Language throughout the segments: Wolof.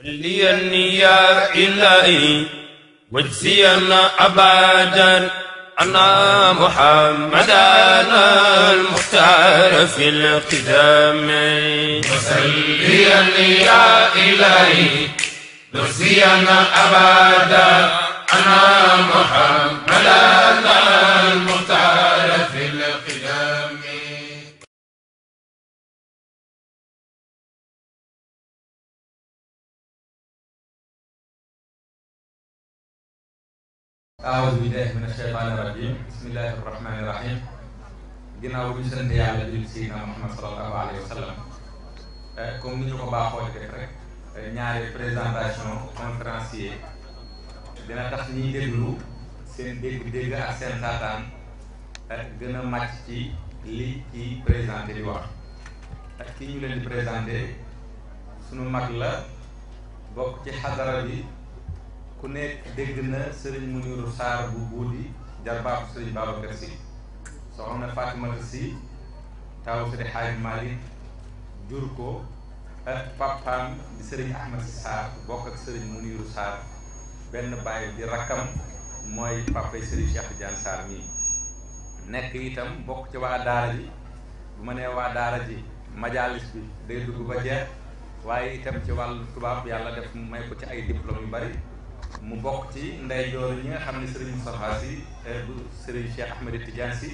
سلي النيا إلهي واجزينا أبدا أنا محمدا المختار في القدام وسليا يا إلهي واجزينا أبدا أنا محمدا aawuzu billaahi min asheytaani rajiim bismillaahi rahmaani rahiim ginnaaw bu ñu sant yàlla julli Seydina Muhammad sallallahu alayhi wa sallam eh, comme ni ko baaxoo di def rek eh, ñaari présentation conférencier dina tax ñiy déglu seen dégg-dégg ak seen taataan eh, gën a màcc ci li ci présenté di wax ak ki ñu leen di présenté sunu mag la bokk ci xadara bi ku ne dégg na sëriñ Muniru Saar bu buudi jarbaatu sëriñ Babacar Si soxna Fatimata Si taaw sëriñ Xaaj Malik jur ko ak di sëriñ Ahmad Si Saar bokk ak sëriñ Muniru Saar benn bàyyi di rakkam mooy papay sëriñ Cheikh Jaan Saar mii nekk itam bokk ci waa daara ji bu ma nee waa daara ji majalis bi day dugg ba jeex waaye itam ci wàll tubaab yàlla def may ko ci ay diplôme yu bari mu bokk ci ndeyjoor ñi nga xam ne Serigne Moustapha Sy eh, bu Serigne Cheikh Ahmed Tidiane Sy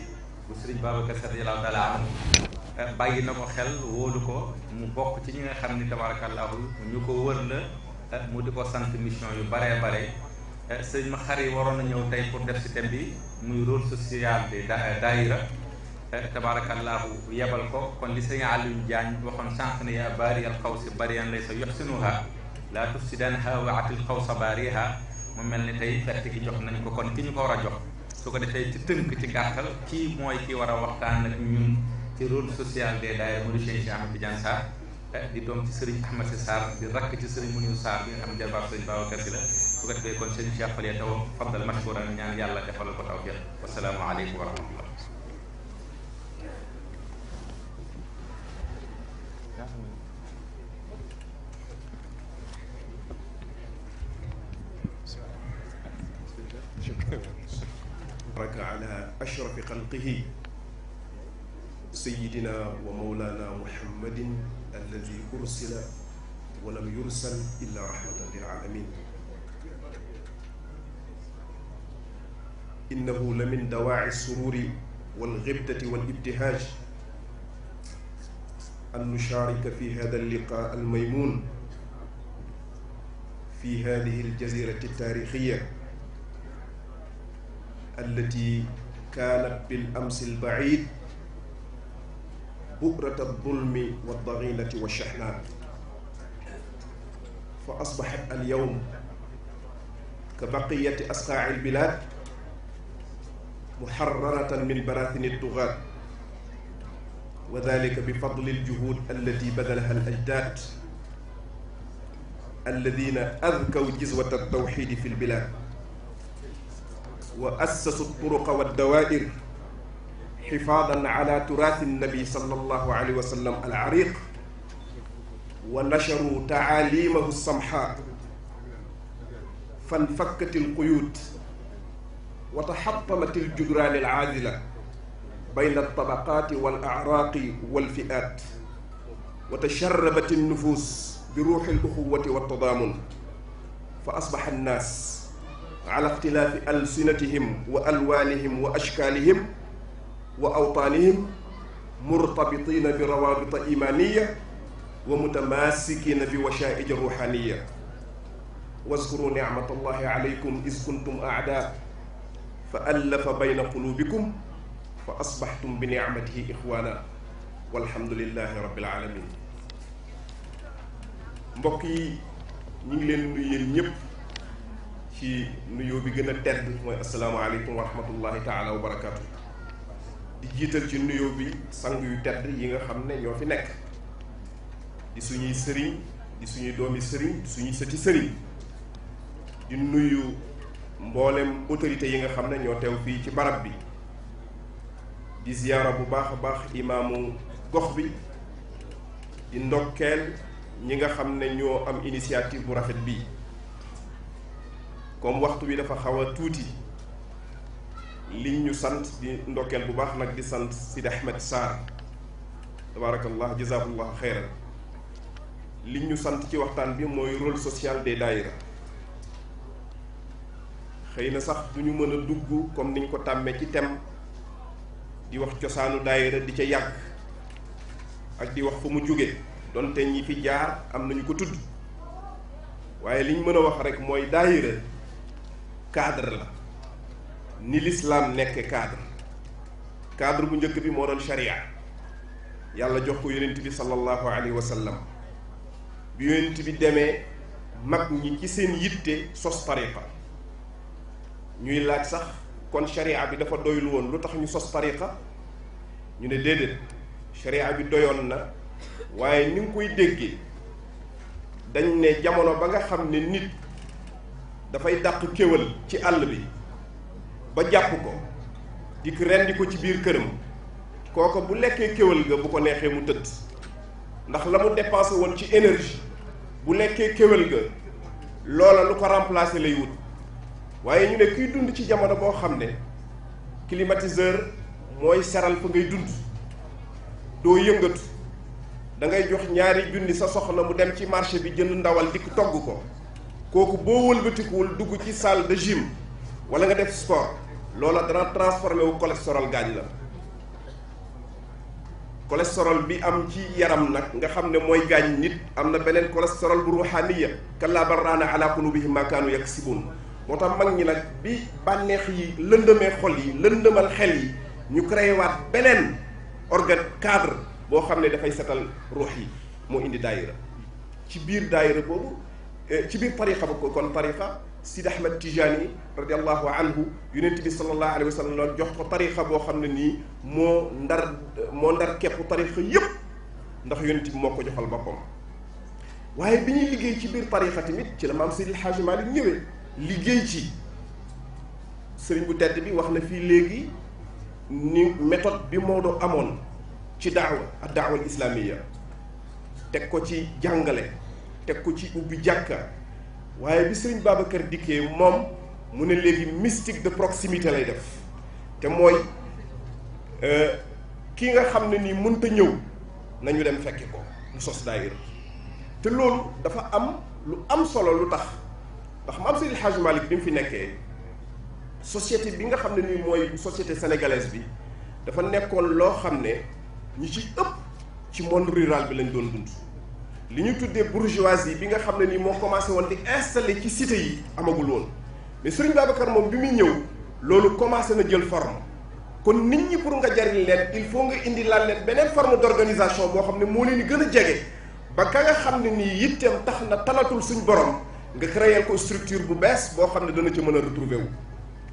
bu Serigne Babacar Sy radiyallahu taala anhu eh, bàyyi na ko xel wóolu ko mu bokk ci ñi nga xam ni tabarakallahu ñu ko wër la eh, mu di ko sant mission yu baree bare sëñ ma xar yi waroon na ñëw tey pour def si thème bi muy rôle social de euh, daayira tabarakallahu yebal ko kon li sëñ Aliou Diagne waxoon sànq ne yaa baari al xaw si bariyan lay sa yox sinuha laa tufsidanha wa atil xawsa baariha mu mel ni tey fett gi jox nañ ko kon ki ñu ko war a jox su ko defee ci tënk ci gàttal kii mooy ki war a waxtaan ak ñun ci rôle social des daayira mu di Cheikh Ahmed Tidiane Sarr eh, di doom ci sëriñ Ahmed Si Sarr di rakk ci sëriñ Muniw Sarr bi nga xam ne jarbaab sëriñ Babacar la su ko defee kon sëriñ Cheikh Faly taw faddal mashkuran ñaan yàlla defal ko tawfiq wasalaamu aleykum wa rahmatullah baraka ala ashrafi xalqihi sayidina wa mawlana muhammadin alladi ursila wa lam yursal illa rahmatan lil alamin innahu la min dawaaci sururi walxibtati walibtihaaj an nushaarika fi hada alliqaa almaymuun fi hadihi aljazirati altaarixiya allati kaanat bil amsil baid bu'rata dulmi wa daginati wa shahnaat fa asbaxat al yowm ka baqiyati asqaaci albilaad muxarraratan min baraatini tugaat wa dalika bi fadli aljuhuud allati badalaha al ajdaad alladina adkaw jizwata altawxidi fi lbilaad wa assasu turuqa wa dawair xifaadan ala turaati nabi sallallahu alayhi wa sallam al ariq wa nasharu taalimahu samha فانفكت القيود وتحطمت الجدران العادلة بين الطبقات والأعراق والفئات وتشربت النفوس بروح الأخوة والتضامن فأصبح الناس ala ixtilaafi alsinatihim wa alwaanihim wa ashkaalihim wa awtaanihim murtabitiina bi rawaabita imaaniya wa mutamaasikiina bi washaa'ij ruuxaaniya waskuru nicmat allahi alaykum is kuntum acdaa fa allafa bayna quluubikum fa asbaxtum bi nicmatihi ixwaana walhamdulilahi rabbil aalamiin mbokk yi ñu ngi leen nuyu yéen ñëpp. ci nuyoo bi gën a tedd mooy asalaamaaleykum wa rahmatullahi taala wa di jiital ci nuyoo bi sang yu tedd yi nga xam ne ñoo fi nekk di suñuy sëriñ di suñuy doomi sëriñ di suñuy sëti sëriñ di nuyu mboolem autorités yi nga xam ne ñoo teew fii ci barab bi di ziyaara bu baax a baax imaamu gox bi di ndokkeel ñi nga xam ne ñoo am initiative bu rafet bii comme waxtu wi dafa xaw a tuuti li ñu sant di ndokkeel bu baax nag di sant Sidi Ahmed Sarr tabarakallah jazakallah xeyran li ñu sant ci waxtaan bi mooy rôle social des daayira xëy na sax bu ñu mën a dugg comme niñ ko tàmmee ci tem di wax cosaanu daayira di ca yàgg ak di wax fu mu jóge donte ñi fi jaar am nañu ko tudd waaye liñ mën a wax rek mooy daayira cadre la ni l'islam nekke cadre cadre bu njëkk bi moo doon sharia yàlla jox ko yonent bi sallallahu alayhi wa sallam bi yonent bi demee mag ñi ci seen yitte sos tariqa ñuy laaj sax kon sharia bi dafa doylu woon lu tax ñu sos tariqa ñu ne déedéet sharia bi doyoon na waaye ni nga koy déggee dañ ne jamono ba nga xam ne nit dafay dàq kéwél ci àll bi ba jàpp ko dikk rendi ko ci biir këram kooko bu lekkee kéwal ga bu ko neexee mu tëdd ndax la mu dépensé woon ci énergie bu lekkee kéwal ga loola lu ko remplacer lay wut waaye ñu ne kuy dund ci jamono boo xam ne climatiseur mooy seral fa ngay dund doo yëngatu da ngay jox ñaari junni sa soxna mu dem ci marché bi jënd ndawal dikk togg ko kooku boo wëlbatikuwul dugg ci salle de gym wala nga def sport loola dana transformé wu cholestérol gaañ la cholestérol bi am ci yaram nag nga xam ne mooy gaañ nit am na beneen cholestérol bu ruuxaaniya kallaa bal raana alaa quluubihim maa kaanu yaksibuun moo tax mag ñi nag bi bànneex yi lëndëmee xol yi lëndëmal xel yi ñu créé waat beneen organe cadre boo xam ne dafay setal ruux yi moo indi daayira ci biir daayira boobu Eh, ci biir tariqa ko kon tariqa Sid Ahmed Tijani radiallahu anhu yonent bi sallallahu alayhi wa sallam loolu jox ko tariqa boo xam na nii moo ndar moo ndar kepp tariqa yëpp ndax yonent bi moo ko joxal boppam waaye bi ñuy liggéey ci biir tariqa tamit ci la maam Seydil Hadji Malick ñëwee liggéey ci sëriñ bu tedd bi wax na fii léegi ni metod bi Maodo amoon ci a ak daawa islamiya teg ko ci jàngale teg ko ci ubbi jàkka waaye bi sëriñ Babacar dikkee moom mu ne léegi mystique de proximité lay def te mooy euh, ki nga xam ne nii mënta ñëw nañu dem fekke ko mu sos daayira te loolu dafa am lu am solo lu tax ndax maam Seydi Hadj Malick bi mu fi nekkee société bi nga xam ne nii mooy société sénégalaise bi dafa nekkoon loo xam ne ñi ci ëpp ci monde rural bi lañ doon dund li ñu tuddee bourgeoisie bi nga xam ne nii moo commencé woon di installé ci cité yi amagul woon mais Serigne Babacar moom bi muy ñëw loolu commencé na jël forme kon nit ñi pour nga jariñ leen il faut nga indi lan leen beneen forme d'organisation boo xam ne moo leen gën a jege ba ka nga xam ne nii yitteem tax na talatul suñ borom nga créer ko structure bu bees boo xam ne dana ci mën a retrouver wu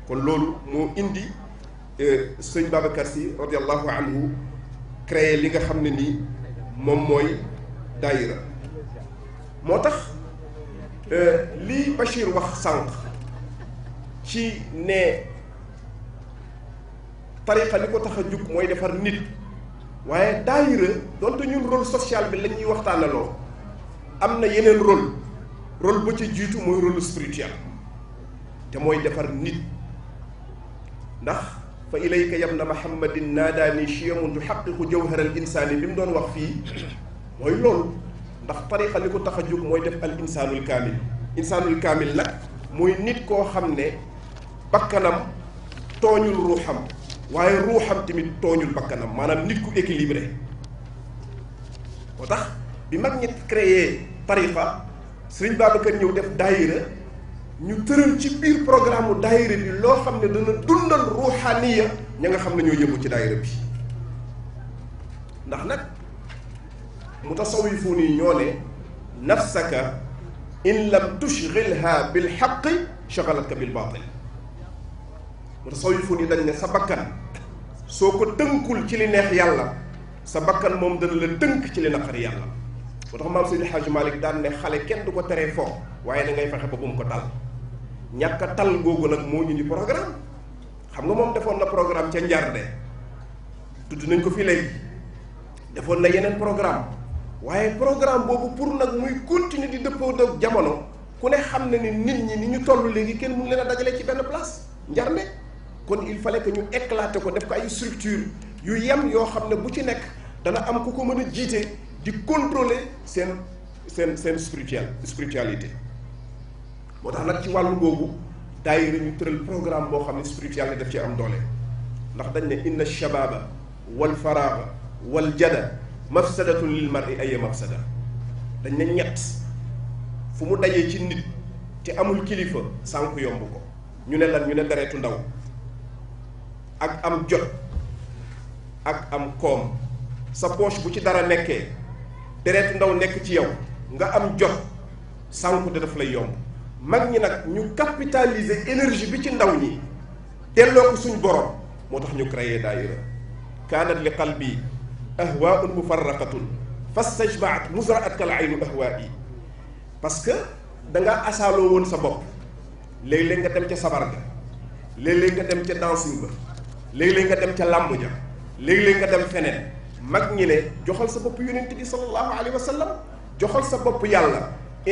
kon loolu moo indi euh, Serigne Babacar si radiallahu anhu créer li nga xam ne nii moom mooy daayira moo tax euh, lii Bachir wax sànq ci ne tariqa li ko tax a jug mooy defar nit waaye daayira donte ñun rôle social bi la ñuy waxtaanaloo am na yeneen rôle rôle ba ca jiitu mooy rôle spirituel te mooy defar nit ndax fa ilayka yab na Muhammadin naadaani chiyamun tuxaqiqu jawhara al insaani bi mu doon wax fii mooy loolu ndax tariqa li ko tax a jóg mooy def al insaanul kaamil insaanul kaamil nag mooy nit koo xam ne bakkanam tooñul ruuxam waaye ruuxam tamit tooñul bakkanam maanaam nit ku équilibré moo tax bi mag ñi créé tariqa sëriñ Babacar ñëw def daayira ñu tëral ci biir programme mu daayira bi loo xam ne dana dundal ruuxaaniya ña nga xam ne ñoo yëngu ci daayira bi ndax nag mu tasawifuun yi ñoo ne nafsaka in lam tushgilha bil xaqi shagalatka bil baatil mu tasawifuun yi dañ ne sa bakkan soo ko tënkul ci li neex yàlla sa bakkan moom dana la tënk ci li naqari yàlla moo tax maam Seydi Hadj Malick daan ne xale kenn du ko teree foo waaye dangay ngay fexe ba bu ko tal ñàkk a tal googu nag moo ñu di programme xam nga moom defoon na programme ca njarde tudd nañ ko fii léegi defoon na yeneen programme waaye programme boobu pour nag muy continuer di dëppoo ak jamono ku ne xam ne ni nit ñi ni ñu toll léegi kenn mënu leen a dajale ci benn place njar kon il fallait que ñu éclater ko def ko ay structure yu yem yoo xam ne bu ci nekk dana am ku ko mën a jiite di contrôler seen seen seen spirituel spiritualité moo tax nag ci wàllu boobu daayira ñu tëral programme boo xam ne spiritualité daf ci am doole ndax dañ ne inna shababa wal faraaga wal jada mafsadatun lil mar'i ay mafsada dañ ne ñett fu mu dajee ci nit te amul kilifa sànq yomb ko ñu ne lan ñu ne deretu ndaw ak am jot ak am koom sa poche bu ci dara nekkee deretu ndaw nekk ci yow nga am jot sànq de daf lay yomb mag ñi nag ñu capitaliser énergie bi ci ndaw ñi delloo ko suñ borom moo tax ñu créer daayira kaanat li qalbi ahwaun mufarraqatun fastajmaat musraat kal aynu ahwaa yi parce que da ngaa asaaloo woon sa bopp léegi léeg nga dem ca sabar ga léeg-léeg nga dem ca dancing ba léeg-léeg nga dem ca làmb ja léegi léeg nga dem feneen mag ñi ne joxal sa bopp yonent bi sallallahu alayhi wa sallam joxal sa bopp yàlla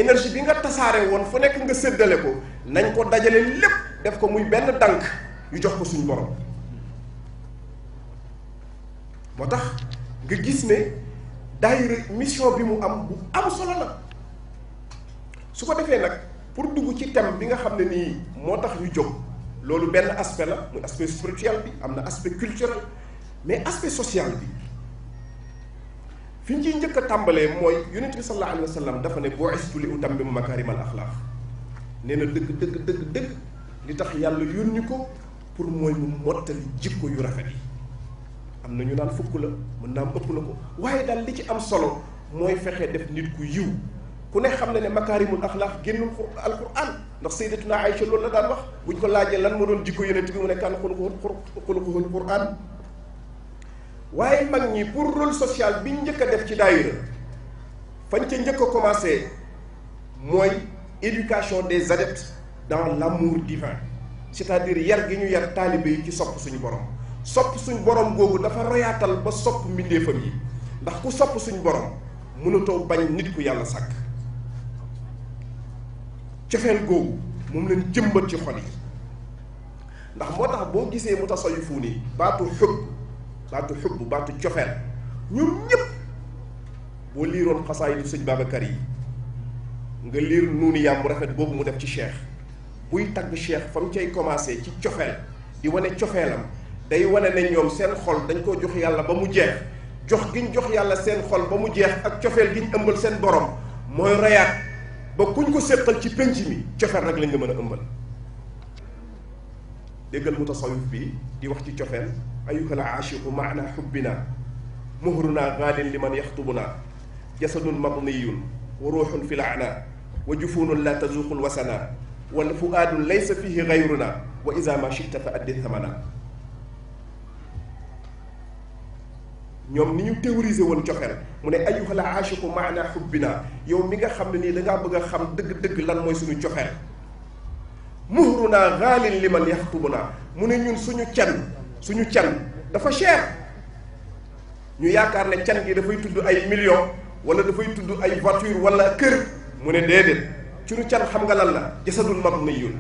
énergie bi nga tasaare woon fu nekk nga séddale ko nañ ko dajalee lépp def ko muy benn dànk yu jox ko suñu borom moo tax nga gis ne daayira mission bi mu am bu am solo la su ko defee nag pour dugg ci thème bi nga xam ne nii moo tax ñu jóg loolu benn aspect la muy aspect spirituel bi am na aspect culturel mais aspect social bi fi ñu ciy njëkk a tàmbalee mooy yonent bi sallallahu alayhi wa sallam dafa ne bu'istu li utammima makaarimal axlaaq nee na dëgg dëgg dëgg dëgg li tax yàlla yónni ko pour mooy mu mottali jikko yu rafet yi am na ñu naan fukk la mën naa ëpp la ko waaye daal li ci am solo mooy fexe def nit ku yiw ku ne xam ne ne makaarimul axlaaq génnul alquran ndax sayyidatuna Aïcha loolu la daan wax buñ ko laajee lan moo doon jikko yonent bi mu ne kan xuluquhul quran waaye mag ñi pour rôle social bi njëkk a def ci daayira fañ ca njëkk a commencé mooy éducation des adeptes dans l'amour divin c'est-à-dire yar gi ñu yar taalibe yi ci sopp suñu borom sopp suñ borom googu dafa royaatal ba sopp mbindeefam yi ndax ku sopp suñ borom mënatoo bañ nit ku yàlla sàkk cofeel googu moom leen jëmbat ci xol yi ndax moo tax boo gisee mu tasayu fuu nii baatu xub baatu xub baatu cofeel ñoom ñëpp boo liiroon xasaa xasaayidu sëñ Babacar yi nga liir nuuni yàmm rafet boobu mu def ci cheikh buy tagg cheikh fa mu cay commencé ci cofeel di wane cofeelam day wane ne ñoom seen xol dañ koo jox yàlla ba mu jeex jox giñ jox yàlla seen xol ba mu jeex ak cofeel giñ ëmbal seen borom mooy royaat ba kuñ ko séqal ci pénc mi cofeel rek lañ la mën a ëmbal déggal mutasawif bi di wax ci cofeel ayuhal aashiqu maana xubbina muhruna gaalin li man yaxtubuna jasadun magniyun wa ruuxun fi laana wa jufunun la tazuqul wasana wala fuaadun laysa fihi gayruna wa isa ma shita fa addi thamana ñoom ni ñu théoriser woon cofeel mu ne ayyuhal aashiqu maana xubbina yow mi nga xam ne nii dangaa bëgg a xam dëgg-dëgg lan mooy suñu cofeel muhruna gaalin liman naa mu ne ñun suñu can suñu can dafa cher ñu yaakaar ne can gi dafay tudd ay million wala dafay tudd ay voiture walla kër mu ne déedéet suñu can xam nga lan la na mabniyun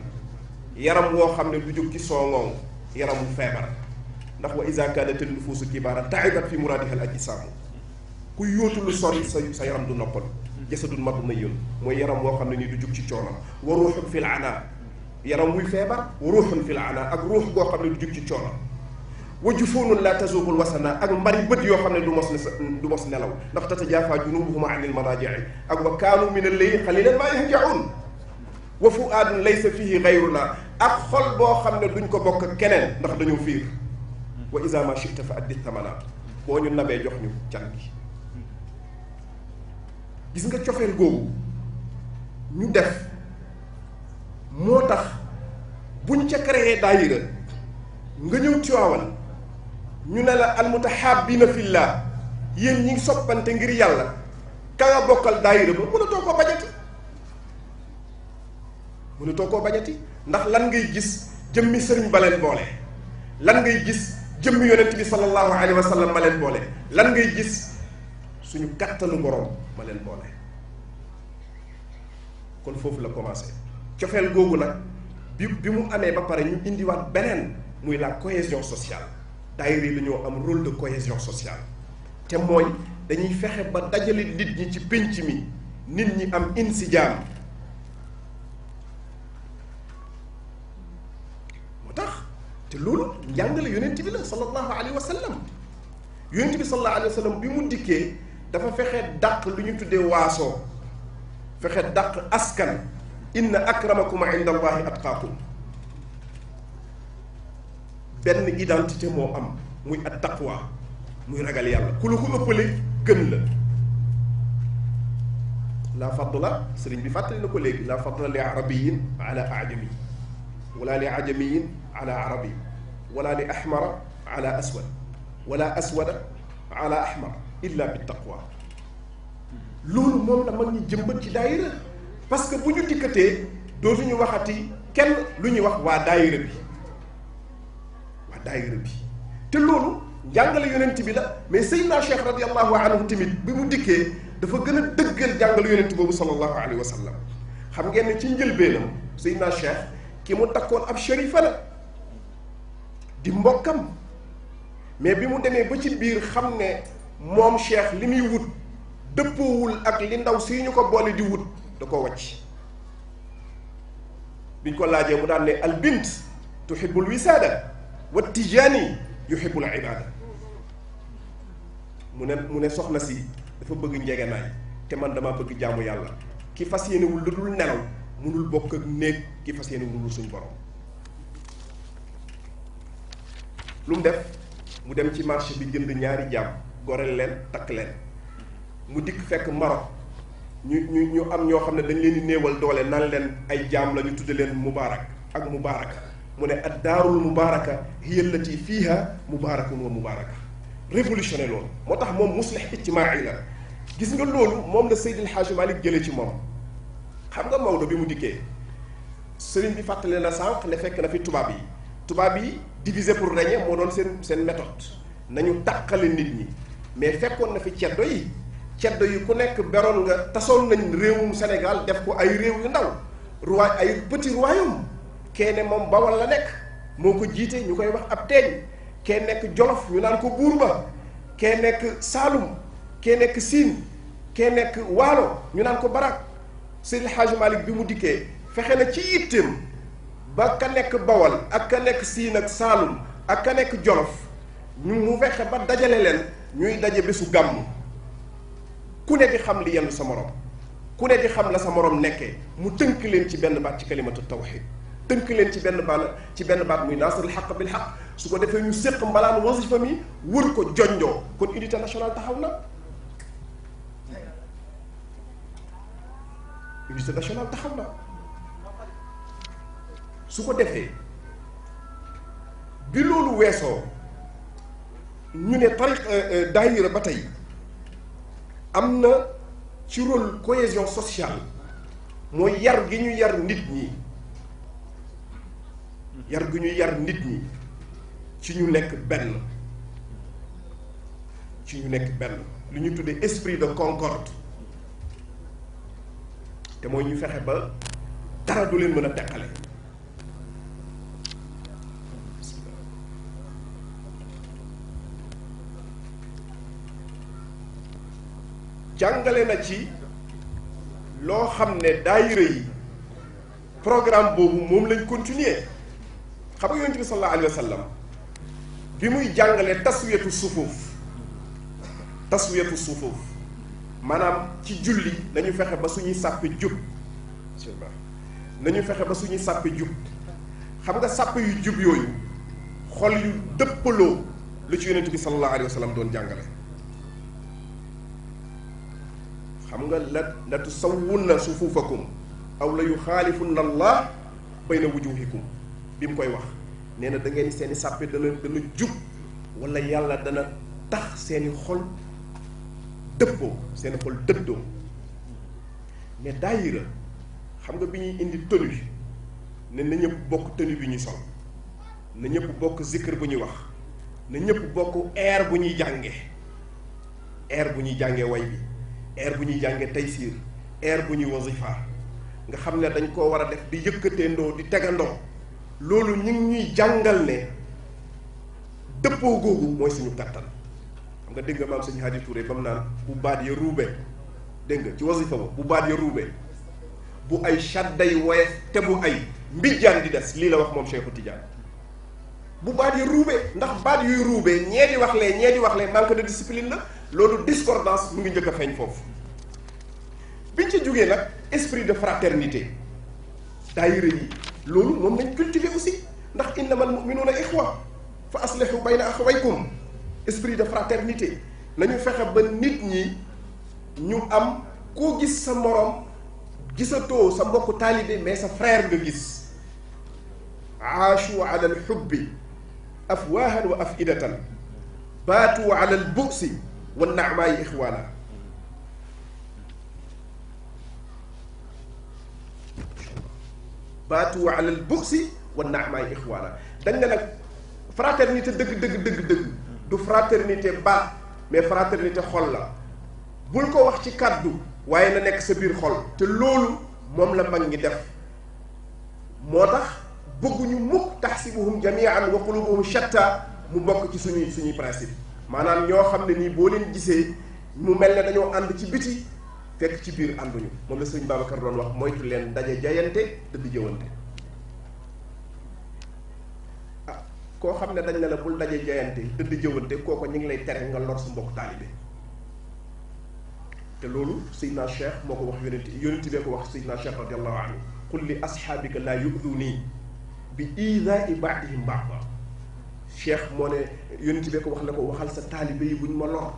yaram woo xam ne du jóg ci soo ngooŋ yaramu feebar ndax wa iza kaanatil nufuusu kibaaran taibat fi muraadihal ajsaamu ku yóotu lu sori sa sa yaram du noppal jasadun matma'innun mooy yaram woo xam ne nii du jug ci coonam wa ruuxun fil anaa yaram wuy feebar wa ruuxun fil ak ruux goo xam ne du jug ci coonam wa jufuunun laa tazuuqul wasana ak mbari bët yoo xam ne du mos du mos nelaw ndax tatajaafa junuubuhum anil madaaji'i ak wa kaanu mina layli qaliilan maa yahja'uun wa fu'aadun laysa fiihi gayrunaa ak xol boo xam ne duñ ko bokk keneen ndax dañoo fiir wa isa ma chita fa addi boo ñu nabee jox ñu can gi gis nga cofeel googu ñu def moo tax bu ñu ca créé daayira nga ñëw Tiwaawan ñu ne la almutahaabina fillah yéen ñi ngi soppante ngir yàlla ka nga bokkal daayira ba mënatoo koo bañati mënatoo koo bañati ndax lan ngay gis jëmmi sëriñ baleen boole lan ngay gis jëmm yonent bi sallallahu alayhi wa sallam ma leen boole lan ngay gis suñu kattanu borom ma leen boole kon foofu la commencé cofeel googu nag bi bi mu amee ba pare ñu indiwaat beneen muy la cohésion sociale daayira yi dañoo am rôle de cohésion sociale te mooy dañuy fexe ba dajale nit ñi ci pénc mi nit ñi am insijaam te loolu njàngale yonent bi la sallallahu alayhi wa sallam yonent bi sallallahu alayhi wa bi mu dikkee dafa fexe dàq lu ñu tuddee waasoo fexe dàq askan inna akramakum inda allahi atqaakum benn identité moo am muy at taqwa muy ragal yàlla ku la ko ëppale gën la laa fadla sëriñ bi fàttali na ko léegi laa fadla li arabiyin ala ajami wala li ajamiyin ala arabi wala li ahmara ala aswad wala aswada ala ahmar illa bi taqwa loolu moom jëmbat ci daayira parce que bu ñu dikkatee dootuñu waxati kenn lu ñuy wax waa daayira bi waa daayira bi te loolu jàngale yonent bi la mais Seydina Cheikh radiallahu anhu tamit bi mu dikkee dafa gën a dëggal jàngale yonent boobu sallallahu alayhi wa sallam xam ngeen ne ci njëlbeenam Seydina Cheikh ki mu takkoon ab sharifa la di mbokkam mais bi mu demee ba ci biir xam ne moom cheikh li muy wut dëppoowul ak li ndaw si ñu ko boole di wut da ko wàcc biñ ko laajee mu daan ne albint tuhibbul wisaada wa tijaani yuhibbul ibaada mu ne mu ne soxna si dafa bëgg njegenaay te man dama bëgg jaamu yàlla ki fas yéenewul lu dul nelaw mënul bokk ak néeg ki fas yéenewul lu suñ borom lu mu def mu dem ci marché bi jënd ñaari jaam goreel leen takk leen mu dikk fekk Maroc ñu ñu ñu am ñoo xam ne dañ leen di néewal doole nan leen ay jaam la ñu tudde leen mubaarak ak mubaaraka mu ne at daarul mubaaraka hiya allati fiiha mubaarakun wa mubaaraka révolutionné loolu moo tax moom muslih ijtimaai la gis nga loolu moom la Seydil Hadji Malick jëlee ci moom xam nga Maodo bi mu dikkee sëriñ bi fàttale na sànq ne fekk na fi tubaab yi tubaab yi diviser pour régner moo doon seen seen méthode nañu tàqale nit ñi mais fekkoon na fi ceddo yi ceddo yi ku nekk beroon nga tasoon nañ réewum senegal def ko ay réew yu ndaw roi ay petit royaume kenn moom Bawol la nekk moo ko jiite ñu koy wax ab teeñ kee nekk Jolof ñu naan ko buur ba kee nekk Saalum kee nekk Siin kee nekk Waalo ñu naan ko Barak Seydi El Hadji Malick bi mu dikkee fexe na ci yitteem ba ka nekk Bawol ak ka nekk Siin ak Saalum ak ka nekk Jolof ñu mu fexe ba dajale leen ñuy daje bésu gàmm ku ne di xam li yenn sa morom ku ne di xam la sa morom nekkee mu tënk leen ci benn baat ci kalimatu tawxid tënk leen ci benn baat ci benn baat muy naasiril xaq bi xaq su ko defee ñu séq mbalaan wasifa mi wër ko jonjoo kon unité nationale taxaw na unité nationale taxaw na su ko defee bi loolu weesoo ñu ne tariq euh, euh, daayira ba tey am na ci rôle cohésion sociale mooy yar gi ñuy yar nit ñi yar gi ñu yar nit ñi ci ñu nekk benn ci ñu nekk benn lu ñu tuddee esprit de concorde te mooy ñu fexe ba dara du leen mën a teqale jàngale na ci loo xam ne daayira yi programme boobu moom lañ continuer xam nga yonent bi sallallahu alayhi wa bi muy jàngale taswiyatu sufuuf taswiyatu sufuuf maanaam ci julli nañu fexe ba suñuy sàppe jub nañu fexe ba suñuy sàppe jub xam nga sàppe yu jub yooyu xol yu dëppaloo lu ci yonent bi sallallahu alayhi wa sallam doon jàngale xam nga la la tusawwunna sufuufakum aw la bay allah bayna wujuhikum bi mu koy wax nee na da ngeen seeni sàppe dana dana jub wala yàlla dana tax seeni xol dëppoo seeni xol dëddoo mais daayira xam nga bi ñuy indi tenue ne na ñëpp bokk tenue bi ñuy sol na ñëpp bokk zikr bu ñuy wax na ñëpp bokk air bu ñuy jànge air bu ñuy jàngee way bi air bu ñuy jàngee tey taysiir air bu ñuy wasifa nga xam ne dañ koo war a def di yëkkateendoo di tegandoo loolu ñu ñuy jàngal ne dëppoo googu mooy suñu kàttan xam nga dégg nga maam sëñ Hadi Touré ba naan bu baat ya ruube dégg ci wasifa ba bu baat ya ruube bu ay shadday woyef te bu ay mbijjaan di des lii la wax moom Cheikhu Tidiane bu baat ya ruube ndax baat yuy ruube ñee di wax lee ñee di wax lee manque de discipline la loolu discordance mu ngi njëkk a feeñ foofu biñ ci jógee nag esprit de fraternité daayira yi loolu moom lañ cultiver aussi ndax innamal mu'minuuna ixwa fa aslihu bayna axawaykum esprit de fraternité nañu fexe ba nit ñi ñu am koo gis sa moroom gisatoo sa mbokku taalibe mais sa frère nga gis aashu ala alxubbi afwahan wa afidatan baatu ala albusi wan naamaa yi ixwaana baatu alal buxsi wan naamaa yi ixwaana dañ ne nag fraternité dëgg dëgg dëgg dëgg du fraternité baat mais fraternité xol la bul ko wax ci kàddu waaye na nekk sa biir xol te loolu moom la mag ñi def moo tax bëgguñu mukk taxsibuhum jamian wa qulubuhum shatta mu bokk ci suñuy suñuy principe maanaam ñoo xam ne nii boo leen gisee mu mel na dañoo ànd ci biti fekk ci biir ànduñu moom la sëñ Babacar doon wax moytu leen daje jayante te di jëwante ah koo xam ne dañ ne bul daje jayante te di jëwante kooko ñu ngi lay tere nga lor sa mbokk taalibe te loolu Seydina Cheikh moo ko wax yonent yonent bee ko wax Seydina Cheikh radiallahu anhu qul li asxaabika laa yu'dunii bi iidaa i baadihim cheikh moo ne yonent bi ko wax ne ko waxal sa taalibe bu ñu ma lor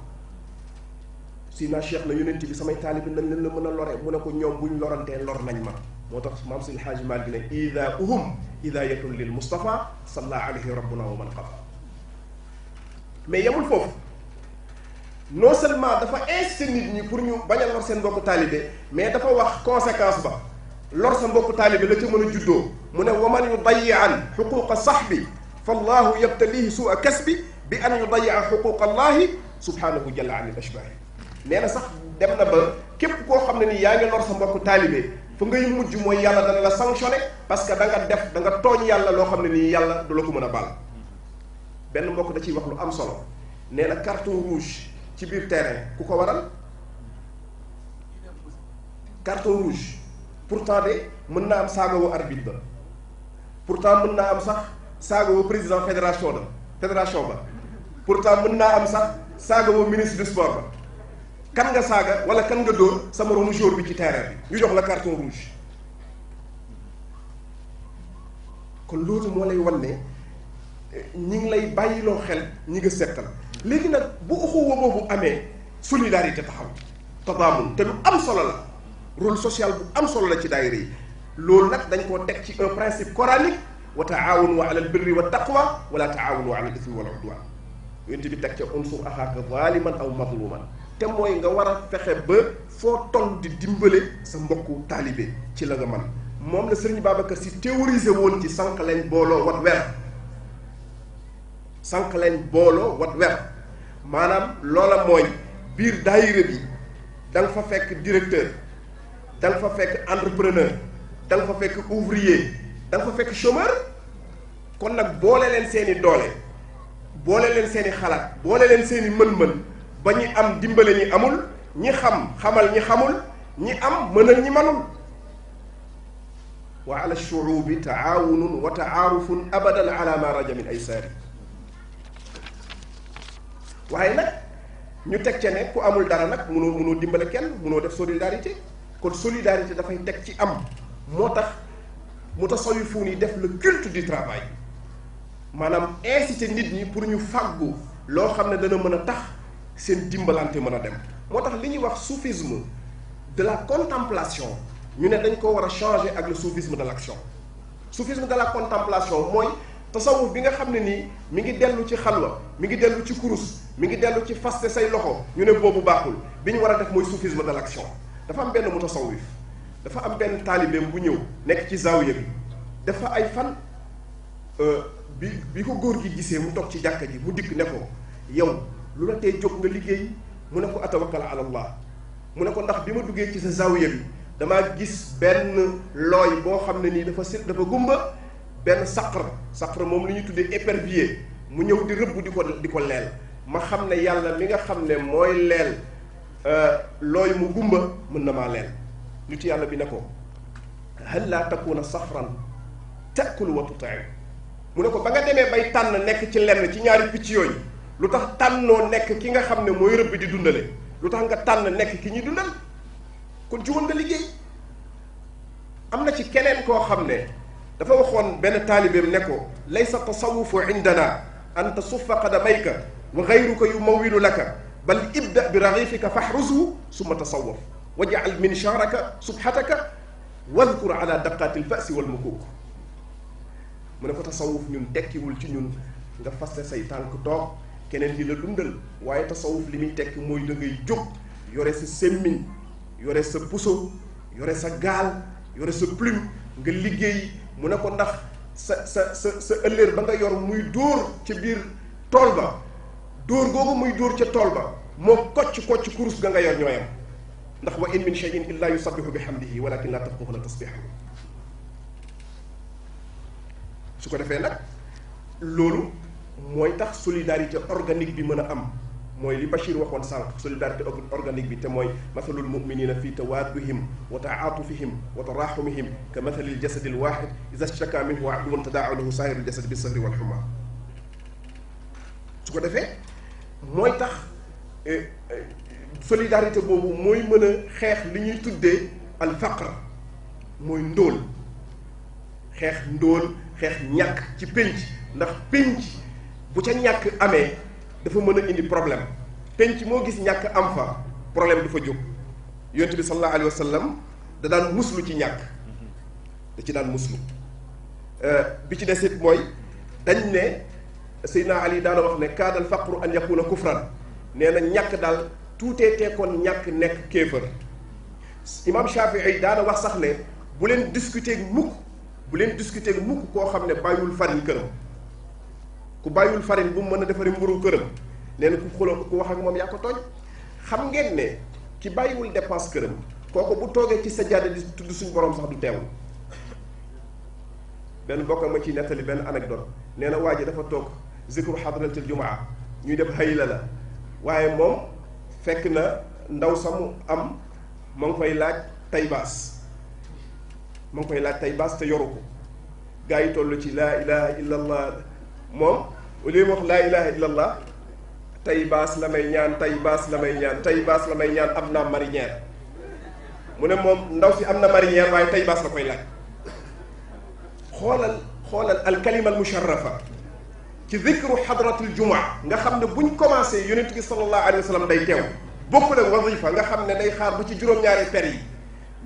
si naa cheikh na yonent bi samay taalibe nañ leen la mën a lore mu ne ko ñoom buñ lorantee lor nañ ma moo tax maam sil xaaj maal bi ne ida uhum hidayatun lil mustafa salla alayhi rabbuna wa man qafa mais yemul foofu non seulement dafa incité nit pour ñu bañ a lor seen mbokku taalibe mais dafa wax conséquence ba lor sa mbokku taalibe la ca mën a juddoo mu ne waman yudayi an sax bi fallahu yabtalihi suu a kasbi bi an yudayaa xuquq allahi subhanahu jalla an il ashbahi nee na sax dem na ba képp koo xam ne ni yaa ngi lor sa mbokk taalibe fu ngay mujj mooy yàlla dana la sanctionné parce que da nga def da nga tooñ yàlla loo xam ne nii yàlla du la ko mën a baal benn mbokk da ciy wax lu am solo nee na carton rouge ci biir terrain ku ko waral carton rouge pourtant de mën naa am saagawu arbitre ba pourtant mën naa am sax saaga président fédération la fédération ba pourtant mën naa am sax saaga woo ministre du sport ba kan nga saaga wala kan nga dóor sama moromu jour bi ci terrain bi ñu jox la carton rouge kon loolu moo lay wan ne eh, ñi ngi lay bàyyiloo xel ñi nga settal léegi nag bu uxuwa boobu amee solidarité taxaw tadaamun te lu am solo la rôle social bu am solo la ci daayira yi loolu nag dañ koo teg ci un principe coranique wa taawanu ala albirri wa taqwa wala taawanu ala al ismi wal udwan yonent bi teg ca unsur axaaka zaliman aw mazluman te mooy nga war a fexe ba foo toll di sa mbokku taalibe ci la nga mën moom la sëriñ Babacar si théorisé woon ci sànq leen booloo wat wer sànq leen booloo wat wer maanaam loola mooy biir daayira bi da nga fa fekk directeur da fa fekk entrepreneur da fa fekk ouvrier da nga fa fekk chômeur kon nag boole leen seeni doole boole leen seeni xalaat boole leen seeni mën-mën ba ñi am dimbale ñi amul ñi xam xamal ñi xamul ñi am mënal ñi manul wa ala shuubi taawunun wa taaarufun abadan ala ma waaye nag ñu teg ca ne ku amul dara nag munoo munoo dimbale kenn munoo def solidarité kon solidarité dafay teg ci am moo tax mu tasawufoon yi def le culte du travail maanaam inciter nit ñi pour ñu fàggu loo xam ne dana mën a tax seen dimbalante mën a dem moo tax li ñuy wax soufisme de la contemplation ñu ne dañ ko war a changé ak le soufisme de l'action soufisme de la contemplation mooy tasawuf bi nga xam ne nii mi ngi dellu ci xalwa mi ngi dellu ci kurus mi ngi dellu ci faste say loxo ñu ne boobu baaxul bi ñu war a def mooy soufisme de l'action dafa am benn mu tasawuf dafa am benn taalibeem bu ñëw nekk ci zaawiya bi dafa ay fan euh, bi bi ko góor gi gisee mu toog ci jàkka ji mu dikk ne ko yow lu la tee jóg nga liggéey mu ne ko atawakkal ala allah mu ne ko ndax bi ma duggee ci sa zaawiya bi damaa gis benn looy boo xam ne nii dafa sit dafa gumba benn saqar saqar moom lu ñuy tuddee épervier mu ñëw di rëbb di ko di ko leel ma xam ne yàlla mi nga xam ne mooy leel euh, looy mu gumba mën na maa leel nitu yàlla bi ne ko hal laa takuna safran taakulu wa tutiu mu ne ko ba nga demee bay tànn nekk ci lenn ci ñaari picc yooyu lu tax tànnoo nekk ki nga xam ne mooy rëbb di dundale lu tax nga tànn nekk ki ñuy dundal kon ci nga liggéey am na ci keneen koo xam ne dafa waxoon benn taalibeem ne ko laysa tasawufu indana an tasuffa qadamayka wa gayruka yumawilu laka bal ibda bi raxifika faxrusu summa tasawaf wajal min charaka subhataka wadkur ala daqaati lfasi wal mukuuk mu ne ko tasawuf ñun tekkiwul ci ñun nga faste say tànk toog keneen di la dundal waaye tasawuf li muy tekki mooy da jóg yore sa semmiñ yore sa puso yore sa gaal yore sa plume nga liggéey mu ne ko ndax sa sa sa sa ba nga yor muy dóor ca biir tool ba dóor googu muy dóor ca tool ba moo kocc kocc kurus ga nga yor ñooyam ndax wa in min cheyin illa yusabbihu bi hamdihi walakin la tafqahuna tasbihahu su ko defee nag loolu mooy tax solidarité organique bi mën a am mooy li Bachir waxoon sànq solidarité organique bi te mooy mathalul muminina fi tawaadduhim wa taatufihim wa taraxumihim ka mathalil jasadi lwaxid ida staka minhu aduwun tadaaw lahu saahirul jasad bi sahri walxuma su ko defee mooy tax eh, eh, solidarité boobu mooy mën a xeex li ñuy tuddee al faqr mooy ndóol xeex ndóol xeex ñàkk ci pénc ndax pénc bu ca ñàkk amee dafa mën a indi problème pénc moo gis ñàkk am fa problème du fa jóg yonent bi sallallahu alayhi wa da daan muslu ci ñàkk da ci daan muslu euh, bi ci desit mooy dañ ne Seydina Ali daana wax ne kaadal faqru an yakuna kufran nee na ñàkk daal tuutee teekoon ñàkk nekk kéefër imam Shafii daana wax sax ne bu leen discuter mukk bu leen discuter mukk koo xam ne bàyyiwul farine këram ku bàyyiwul farine bu mu mën a defaree mburu këram nee na ku xuloo ku wax ak moom yaa ko tooñ xam ngeen ne ki bàyyiwul dépense këram kooku bu toogee ci sa jàdd di tudd suñu borom sax du teewul benn bokk ma ci nettali benn anecdote nee na waa ji dafa toog zikru hadratul jumaa ñuy def hayla la waaye moom fekk na ndaw samu am ma koy laaj tay baas ma koy laaj tay baas te yoru ko gaa yi toll ci laa ilaha illa moom au lieu laa ilaha illa allah la may ñaan tay baas la may ñaan tay baas la may ñaan am naa marinière mu ne moom ndaw si am na marinière waaye tay baas la koy laaj xoolal xoolal alkalima almusharrafa ci zikru xadratul jumaa nga xam ne buñ commencé yonent bi sallallahu alayhi wa sallam day teew bokkul ak wazifa nga xam ne day xaar bu ci juróom-ñaari per yi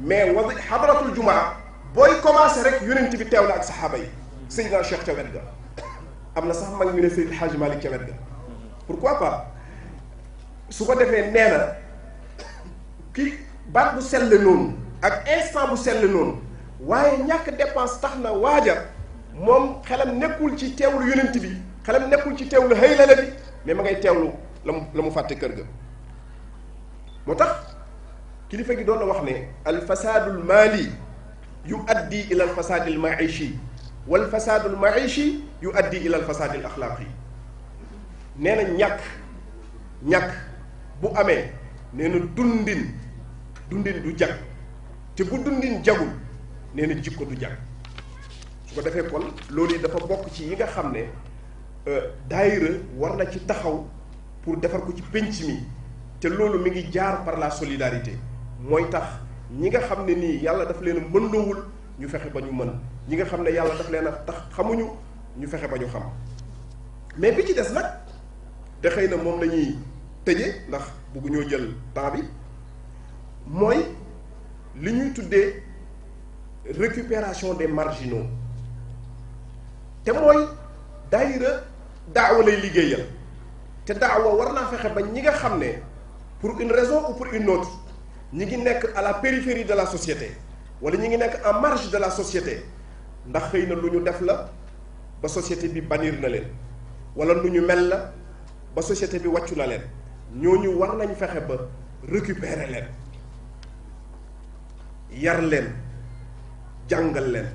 mais wazi xadratul jumaa booy commencé rek yonent bi teew la ak saxaaba yi Seydina Cheikh ca wet ga am na sax mag ñu ne Seydi Hadj Malick ca wet ga pourquoi pas su ko defee nee na ki baat bu sell noonu ak instant bu sell noonu waaye ñàkk dépense tax na waaja moom xelam nekkul ci teewlu yonent bi xelam nekkul ci teewlu xëylale bi mais ma ngay teewlu la la mu fàtte kër ga moo tax kilifa gi doon na wax ne alfasaadul maali yu addi ila alfasaadil maishi wal fasaadul maishi yu addi ila alfasaadil axlaaqi nee na ñàkk ñàkk bu amee neena na dundin dundin du jag te bu dundin jagul nee na jikko du jag su ko defee kon loolu yi dafa bokk ci yi nga xam ne euh, daayira war na ci taxaw pour defar ko ci pénc mi te loolu mi ngi jaar par la solidarité mooy tax ñi nga xam ne nii yàlla daf leen a mënloowul ñu fexe ba ñu mën ñi nga xam ne yàlla daf leen a tax xamuñu ñu fexe ba ñu xam mais bi ci des nag te na moom la ñuy tëje ndax bëgguñoo jël temps bi mooy li ñuy tuddee récupération des marginaux te mooy daayira daawa lay liggéeyal te daawa war naa fexe ba ñi nga xam ne pour une raison ou pour une autre ñi ngi nekk à la périphérie de la société wala ñi ngi nekk en marge de la société ndax xëy na lu ñu def la ba société bi bannir na leen wala lu ñu mel la ba société bi wàccu na leen ñooñu war nañ fexe ba récupérer leen yar leen jàngal leen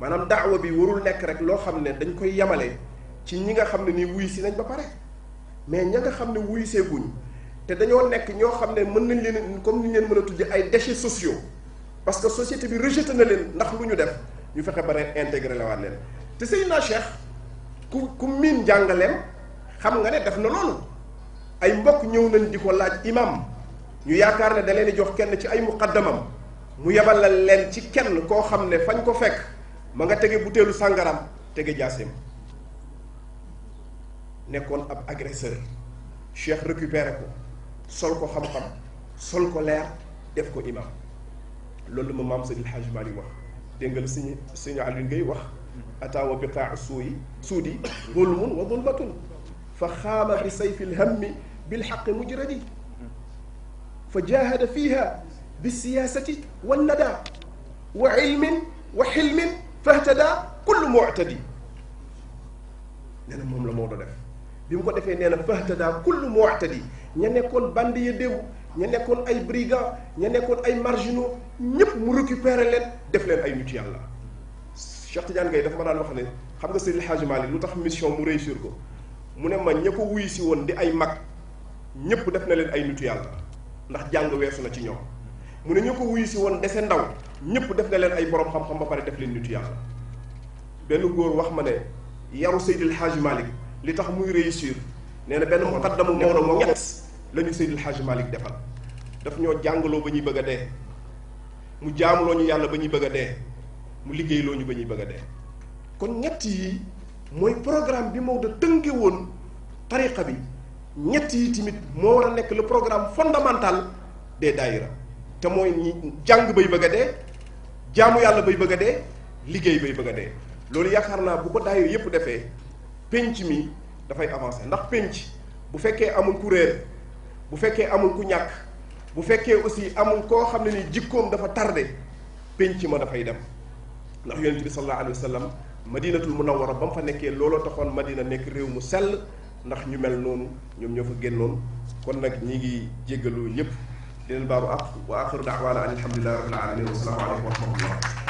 maanaam daawa bi warul nekk rek loo xam ne dañ koy yemale ci ñi nga xam ne nii wuy si nañ ba pare mais ña nga xam ne wuy see guñ te dañoo nekk ñoo xam ne mën nañ leen comme ni ñu leen mën a tuddee ay déchets sociaux parce que société bi rejeté na leen ndax lu ñu def ñu fexe ba reen intégré la waat leen te Seydina Cheikh ku ku miin jàngaleem xam nga ne daf na loolu ay mbokk ñëw nañ di ko laaj imam ñu yaakaar ne da leen di jox kenn ci ay muqaddamam mu yebalal leen ci kenn koo xam ne fañ ko fekk. ma nga tege butéelu sàngaram tege jaaseem nekkoon ab agresseur Cheikh récupéré ko sol ko xam-xam sol ko leer def ko imam loolu ma maam Seydil Hadj Malick wax dégg nga la suñu suñu Alioune wax ataawa biqaa suuyi suudi zulmun wa zulmatun fa xaama bi sayfi lhammi bilxaqi mujradi fa jahada fiha bi siyaasati wa nada wa ilmin wa xilmin fahtada kullu mu'tadi nee na moom la Maodo def bi mu ko defee nee na fahtada kullu mu'tadi ña nekkoon bandi ya démb ña nekkoon ay brigand ña nekkoon ay marginaux ñëpp mu récupérer leen def leen ay nit la Cheikh Tidiane Gaye dafa ma daan wax xam nga Seydil Hadji Malick lu tax mission mu réussir ko mu ne ma ña ko wuyu si woon di ay mag ñëpp def na leen ay nitu yàlla ndax jàng weesu na ci ñoom mu ne ña ko wuyu si woon dese ndaw ñëpp def na leen ay boroom xam-xam ba pare def leen nitu yàlla benn góor wax ma ne yaru Seydil Hadji Malick li tax muy réussir nee na benn muqaddamu Maodo moo ñett la ñu Seydil Hadji Malick defal daf ñoo jàngaloo ba ñuy bëgg a dee mu jaamuloo ñu yàlla ba ñuy bëgg a dee mu liggéeyloo ñu ba ñuy bëgg a dee kon ñett yi mooy programme bi Maodo tënke woon tariqa bi ñett yi tamit moo war a nekk le programme fondamental des daayira te mooy ñi jàng bay bëgg a dee jaamu yàlla bay bëgg a dee liggéey bay bëgg a de loolu yaakaar naa bu ko daayoo yépp defee pénc mi dafay avancer ndax pénc bu fekkee amul ku réer bu fekkee amul ku ñàkk bu fekkee aussi amul koo xam ne ni jikkoom dafa tardé pénc ma dafay dem ndax yonent bi sallallahu alayhi wa sallam madinatul munawwara ba mu fa nekkee looloo taxoon madina nekk réew mu sell ndax ñu mel noonu ñoom ñoo fa génnoon kon nag ñi ngi jéggalu ñëpp leen baalu àq wa axiru daawaana an alhamdulilahi rabbil alamin wa salaamu aleykum wa rahmatullah